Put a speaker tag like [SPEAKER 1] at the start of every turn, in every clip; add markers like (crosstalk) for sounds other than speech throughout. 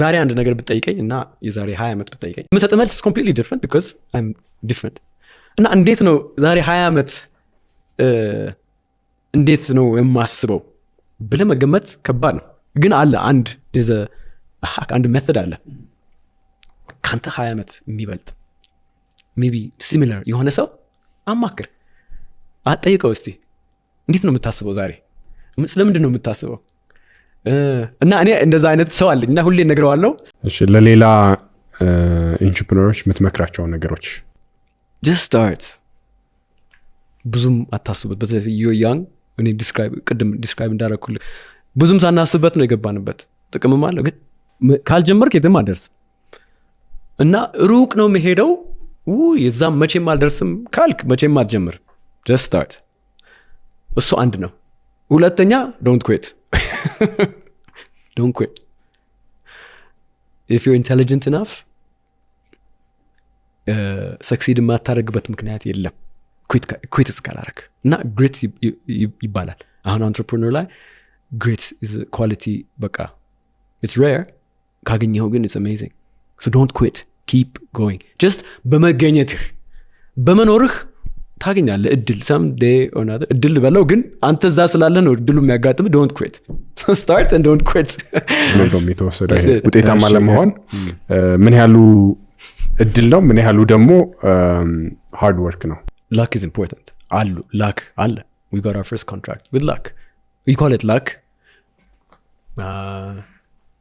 [SPEAKER 1] ዛሬ አንድ ነገር ብጠይቀኝ እና የዛሬ ሀያ ዓመት ብጠይቀኝ የምሰጥ መልስ ኮምፕሊትሊ ዲፍረንት ቢኮዝ አይም ዲፍረንት እና እንዴት ነው ዛሬ ሀ ዓመት እንዴት ነው የማስበው ብለ መገመት ከባድ ነው። ግን አለ አንድ አንድ ሜተድ አለ ከአንተ ሀ ዓመት የሚበልጥ ሜይ ቢ ሲሚለር የሆነ ሰው አማክር፣ አጠይቀው እስቲ እንዴት ነው የምታስበው ዛሬ ስለምንድን ነው የምታስበው እና እኔ እንደዛ አይነት ሰው አለኝ እና ሁሌ ነግረዋለው።
[SPEAKER 2] ለሌላ ኢንትርፕነሮች የምትመክራቸው ነገሮች
[SPEAKER 1] ስታርት፣ ብዙም አታስቡበት። በተለይ ያንግ እኔ ቅድም ዲስክራይብ እንዳረኩል ብዙም ሳናስብበት ነው የገባንበት። ጥቅምም አለው ግን ካልጀመርክ የትም አልደርስም እና ሩቅ ነው የሚሄደው የዛም መቼም አልደርስም ካልክ መቼም አትጀምር። ስታርት። እሱ አንድ ነው። ሁለተኛ ዶንት ኩዌት (laughs) don't quit. If you're intelligent enough, uh, succeed in but mknati yellem. Quit quit is kalarak. Not grit yibala. An entrepreneur lie, grit is a quality baka. It's rare. Kagin yogin is amazing. So don't quit. Keep going. Just bama genyet. Bama noruch. ታገኛለ እድል ሰም ዴይ እድል በለው ግን አንተ እዛ ስላለ ነው እድሉ የሚያጋጥም (laughs) (laughs) ዶንት ኩት ስታርት ዶንት ኩት
[SPEAKER 2] የተወሰደ ውጤታማ ለመሆን ምን ያሉ እድል ነው ምን ያሉ ደግሞ ሃርድ ወርክ ነው
[SPEAKER 1] ላክ ኢዝ ኢምፖርታንት አሉ ላክ አለ ዊ ጋር አር ፍርስት ኮንትራክት ዊዝ ላክ ዊ ኮል ኢት ላክ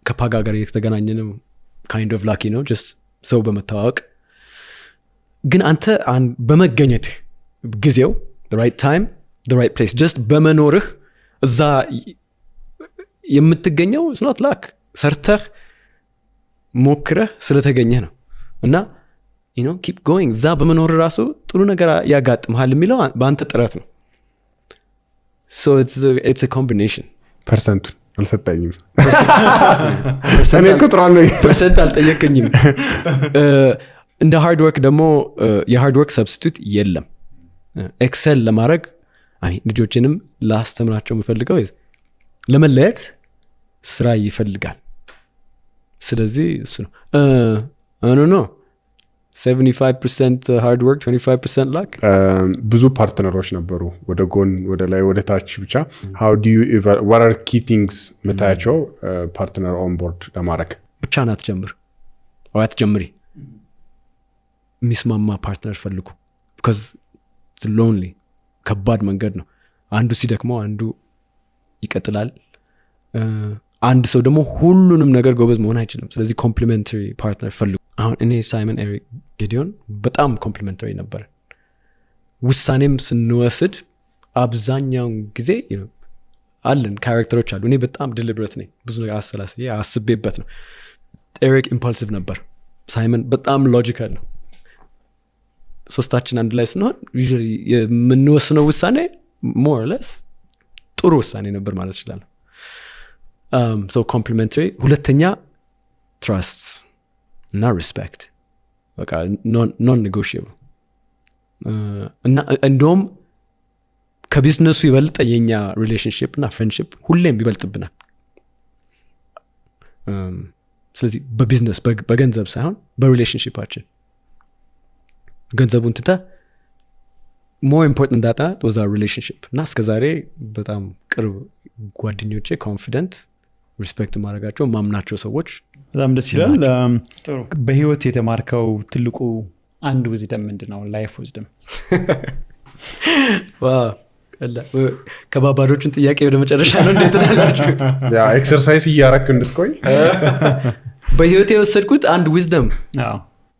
[SPEAKER 1] ከፓጋ ጋር የተገናኘ ነው ካይንድ ኦፍ ላኪ ነው ጀስት ሰው በመተዋወቅ ግን አንተ በመገኘትህ ጊዜው ራይት ታይም ራይት ፕሌስ ጀስት በመኖርህ እዛ የምትገኘው ስኖት ላክ ሰርተህ ሞክረህ ስለተገኘህ ነው እና ኪፕ ጎይንግ እዛ በመኖር ራሱ ጥሩ ነገር ያጋጥመሃል የሚለው በአንተ ጥረት ነው ኮምቢኔሽን
[SPEAKER 2] ፐርሰንቱን አልሰጠኝም እኔ ነው
[SPEAKER 1] ፐርሰንት አልጠየቀኝም (laughs) እንደ ሃርድ ወርክ ደግሞ የሃርድ ወርክ ሰብስቲቱት የለም ኤክሰል ለማድረግ ልጆችንም ላስተምራቸው የምፈልገው ለመለየት ስራ ይፈልጋል። ስለዚህ እሱ ነው ኖ ኖ
[SPEAKER 2] ብዙ ፓርትነሮች ነበሩ ወደ ጎን ወደ ላይ ወደ ታች ብቻ ኪ ቲንግስ ፓርትነር ኦንቦርድ ለማድረግ
[SPEAKER 1] ብቻ ናት ጀምር አትጀምሪ የሚስማማ ፓርትነር ፈልጉ ሎንሊ ከባድ መንገድ ነው። አንዱ ሲደክመው አንዱ ይቀጥላል። አንድ ሰው ደግሞ ሁሉንም ነገር ጎበዝ መሆን አይችልም። ስለዚህ ኮምፕሊመንታሪ ፓርትነር ፈል አሁን እኔ ሳይመን ኤሪክ ጌዲዮን በጣም ኮምፕሊመንታሪ ነበር። ውሳኔም ስንወስድ አብዛኛውን ጊዜ አለን ካራክተሮች አሉ። እኔ በጣም ድልብረት ነኝ፣ ብዙ ነገር አሰላስ አስቤበት ነው። ኤሪክ ኢምፐልሲቭ ነበር፣ ሳይመን በጣም ሎጂካል ነው። ሶስታችን አንድ ላይ ስንሆን የምንወስነው ውሳኔ ሞርለስ ጥሩ ውሳኔ ነበር ማለት ይችላል ሰው ኮምፕሊመንታሪ ሁለተኛ ትራስት እና ሪስፔክት በቃ ኖን ኔጎሽብል uh, እና እንደውም ከቢዝነሱ ይበልጠ የኛ ሪሌሽንሽፕ እና ፍሬንድሽፕ ሁሌም ይበልጥብናል um, ስለዚህ በቢዝነስ በገንዘብ ሳይሆን በሪሌሽንሽፓችን ገንዘቡን ትተ ሞር ኢምፖርታንት ዳታ ወዛ ሪሌሽንሽፕ እና እስከዛሬ በጣም ቅርብ ጓደኞቼ ኮንፊደንት ሪስፔክት ማድረጋቸው ማምናቸው ሰዎች በጣም ደስ ይላል።
[SPEAKER 3] በህይወት የተማርከው ትልቁ አንድ ውዝደም ምንድ ነው? ላይፍ ውዝደም
[SPEAKER 1] ከባባዶቹን ጥያቄ ወደ መጨረሻ ነው። እንዴት ላላችሁ
[SPEAKER 2] ኤክሰርሳይዝ (laughs) እያረክ እንድትቆይ
[SPEAKER 1] (laughs) በህይወት የወሰድኩት አንድ ዊዝደም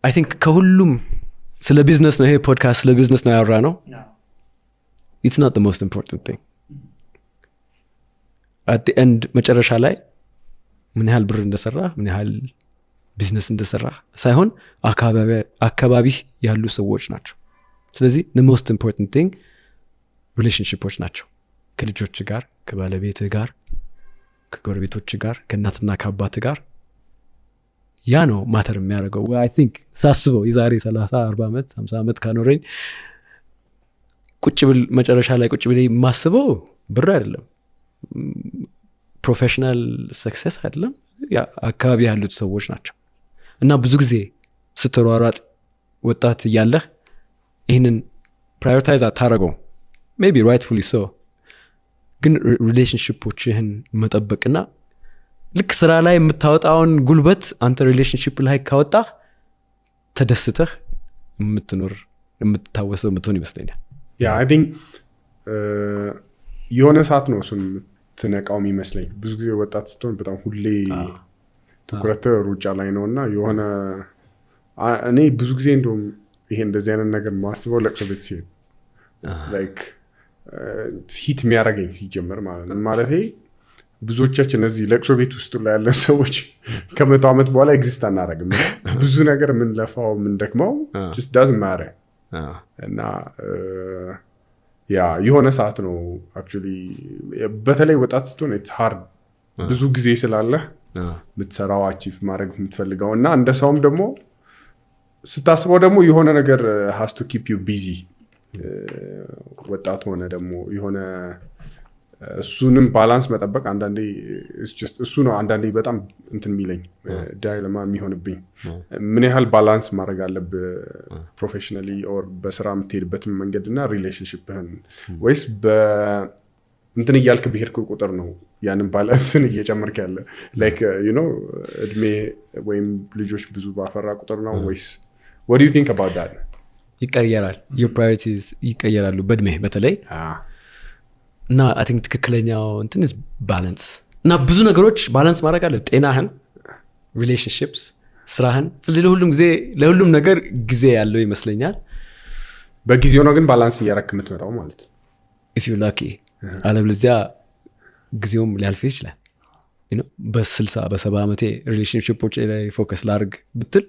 [SPEAKER 1] አይ ቲንክ ከሁሉም ስለ ቢዝነስ ነው ይሄ ፖድካስት፣ ስለ ቢዝነስ ነው ያወራ ነው። ኢትስ ናት ሞስት ኢምፖርታንት ቲንግ አት ኤንድ መጨረሻ ላይ ምን ያህል ብር እንደሰራ ምን ያህል ቢዝነስ እንደሰራ ሳይሆን አካባቢህ ያሉ ሰዎች ናቸው። ስለዚህ ሞስት ኢምፖርታንት ቲንግ ሪሌሽንሽፖች ናቸው። ከልጆች ጋር፣ ከባለቤትህ ጋር፣ ከጎረቤቶች ጋር፣ ከእናትና ከአባት ጋር ያ ነው ማተር የሚያደርገው አይ ቲንክ ሳስበው የዛሬ 30 40 ዓመት 50 ዓመት ካኖረኝ ቁጭ ብል መጨረሻ ላይ ቁጭ ብል የማስበው ብር አይደለም፣ ፕሮፌሽናል ሰክሰስ አይደለም፣ አካባቢ ያሉት ሰዎች ናቸው። እና ብዙ ጊዜ ስትሯሯጥ ወጣት እያለህ ይህንን ፕራዮሪታይዝ አታረገው ሜቢ ራይትፉሊ ሶ ግን ሪሌሽንሽፖችህን መጠበቅና ልክ ስራ ላይ የምታወጣውን ጉልበት አንተ ሪሌሽንሽፕ ላይ ካወጣ ተደስተህ የምትኖር የምትታወሰው የምትሆን ይመስለኛል።
[SPEAKER 2] ያ አይ ቲንክ የሆነ ሰዓት ነው እሱን የምትነቃውም ይመስለኝ ብዙ ጊዜ ወጣት ስትሆን በጣም ሁሌ ትኩረት ሩጫ ላይ ነው እና የሆነ እኔ ብዙ ጊዜ እንደም ይሄ እንደዚህ አይነት ነገር ማስበው ለቅሶ ቤት ሲሄድ ሂት የሚያደርገኝ ሲጀመር ማለት ነው ማለት ብዙዎቻችን እዚህ ለቅሶ ቤት ውስጥ ላይ ያለን ሰዎች ከመቶ ዓመት በኋላ ኤግዚስት አናደርግም። ብዙ ነገር የምንለፋው የምንደክመው ዳዝ ማረ እና ያ የሆነ ሰዓት ነው አክቹዋሊ በተለይ ወጣት ስትሆን ኢትስ ሃርድ ብዙ ጊዜ ስላለ የምትሰራው አቺቭ ማድረግ የምትፈልገው እና እንደ ሰውም ደግሞ ስታስበው ደግሞ የሆነ ነገር ሀስቱ ኪፕ ዩ ቢዚ ወጣት ሆነ ደግሞ የሆነ እሱንም ባላንስ መጠበቅ አንዳንዴ እሱ ነው አንዳንዴ በጣም እንትን የሚለኝ ዳይለማ የሚሆንብኝ ምን ያህል ባላንስ ማድረግ አለብ ፕሮፌሽናሊ ኦር በስራ የምትሄድበትን መንገድ እና ሪሌሽንሽፕህን ወይስ እንትን እያልክ ብሄድክ ቁጥር ነው ያንን ባላንስን እየጨመርክ ያለ ላይክ ዩ ኖ እድሜ ወይም ልጆች ብዙ ባፈራ ቁጥር ነው ወይስ ወዲ ቲንክ አባት
[SPEAKER 1] ይቀየራል ይቀየራሉ በእድሜ በተለይ እና አይ ቲንክ ትክክለኛው እንትን ባላንስ እና ብዙ ነገሮች ባላንስ ማድረግ አለ። ጤናህን፣ ሪሌሽንሽፕስ፣ ስራህን። ስለዚህ ለሁሉም ጊዜ ለሁሉም ነገር ጊዜ ያለው ይመስለኛል።
[SPEAKER 2] በጊዜው ነው ግን ባላንስ እያረክ የምትመጣው ማለት ነው።
[SPEAKER 1] ኢፍ ዩ ላኪ። አለበለዚያ ጊዜውም ሊያልፍ ይችላል። በስልሳ በሰባ ዓመቴ ሪሌሽንሽፖች ላይ ፎከስ ላርግ ብትል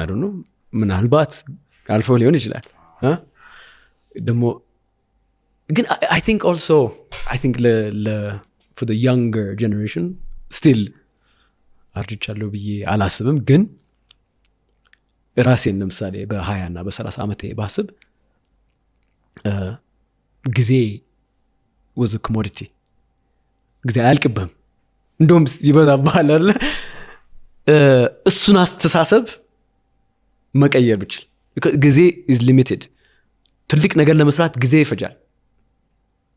[SPEAKER 1] አይ ምናልባት አልፈው ሊሆን ይችላል ደግሞ ግን አይ ቲንክ ኦልሶ አይ ቲንክ ፎር ያንገር ጀኔሬሽን ስቲል አርጅቻለሁ ብዬ አላስብም። ግን ራሴን ለምሳሌ በሀያ ና በሰላሳ ዓመቴ ባስብ ጊዜ ወዝ ኮሞዲቲ ጊዜ አያልቅብህም፣ እንደም ይበዛ አለ እሱን አስተሳሰብ መቀየር ብችል ጊዜ ኢዝ ሊሚትድ። ትልቅ ነገር ለመስራት ጊዜ ይፈጃል።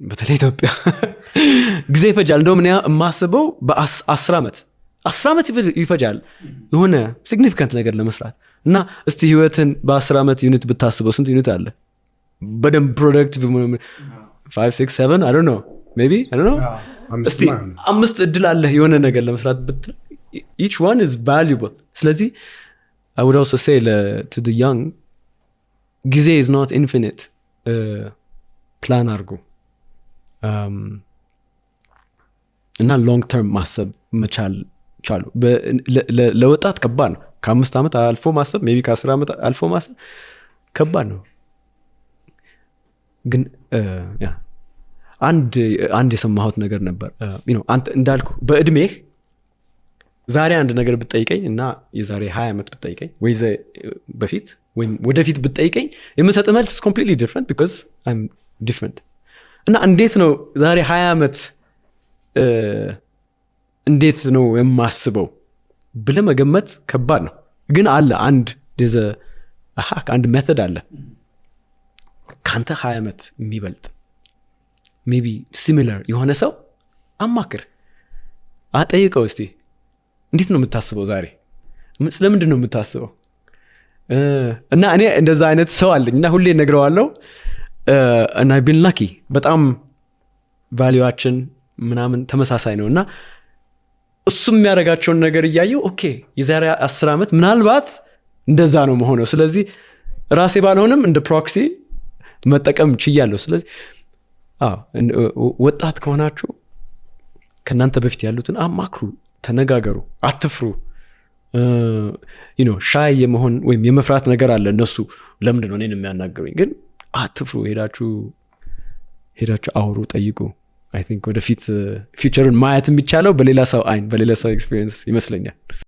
[SPEAKER 1] በተለይ ኢትዮጵያ (laughs) ጊዜ ይፈጃል። እንደውም እኔ የማስበው በአስር ዓመት አስር ዓመት ይፈጃል የሆነ ሲግኒፊካንት ነገር ለመስራት እና እስቲ ህይወትን በአስር ዓመት ዩኒት ብታስበው ስንት ዩኒት አለ? በደንብ ፕሮደክቲቭ ቢ እስቲ አምስት እድል አለ የሆነ ነገር ለመስራት ብትል ኢች ዋን ኢዝ ቫሉብል። ስለዚህ ውድ ያንግ ጊዜ ኢዝ ኖት ኢንፊኒት ፕላን አርጉ እና ሎንግ ተርም ማሰብ መቻል ቻሉ። ለወጣት ከባድ ነው። ከአምስት ዓመት አልፎ ማሰብ ቢ ከአስር ዓመት አልፎ ማሰብ ከባድ ነው። ግን አንድ የሰማሁት ነገር ነበር እንዳልኩ በእድሜህ ዛሬ አንድ ነገር ብጠይቀኝ እና የዛሬ ሀያ ዓመት ብጠይቀኝ ወይ በፊት ወይም ወደፊት ብጠይቀኝ የምሰጥ መልስ ኮምፕሊትሊ ዲፍረንት ቢካ ዲፍረንት እና እንዴት ነው ዛሬ ሀያ ዓመት እንዴት ነው የማስበው ብለመገመት መገመት ከባድ ነው። ግን አለ አንድ ዘ አንድ ሜተድ አለ ከአንተ ሀያ ዓመት የሚበልጥ ሜቢ ሲሚለር የሆነ ሰው አማክር፣ አጠይቀው እስቲ እንዴት ነው የምታስበው ዛሬ ስለምንድን ነው የምታስበው? እና እኔ እንደዛ አይነት ሰው አለኝ እና ሁሌ ነግረዋለው እና ቢን ላኪ በጣም ቫሊዋችን ምናምን ተመሳሳይ ነው እና እሱ የሚያደረጋቸውን ነገር እያየው ኦኬ የዛሬ አስር ዓመት ምናልባት እንደዛ ነው መሆነው። ስለዚህ ራሴ ባልሆንም እንደ ፕሮክሲ መጠቀም ችያለሁ። ስለዚህ ወጣት ከሆናችሁ ከእናንተ በፊት ያሉትን አማክሩ፣ ተነጋገሩ፣ አትፍሩ። ሻይ የመሆን ወይም የመፍራት ነገር አለ። እነሱ ለምንድነው ነው እኔን የሚያናግሩኝ ግን አትፍሩ፣ ሄዳችሁ ሄዳችሁ አውሩ፣ ጠይቁ። አይ ቲንክ ወደፊት ፊቸሩን ማየት የሚቻለው በሌላ ሰው አይን በሌላ ሰው ኤክስፔሪንስ ይመስለኛል።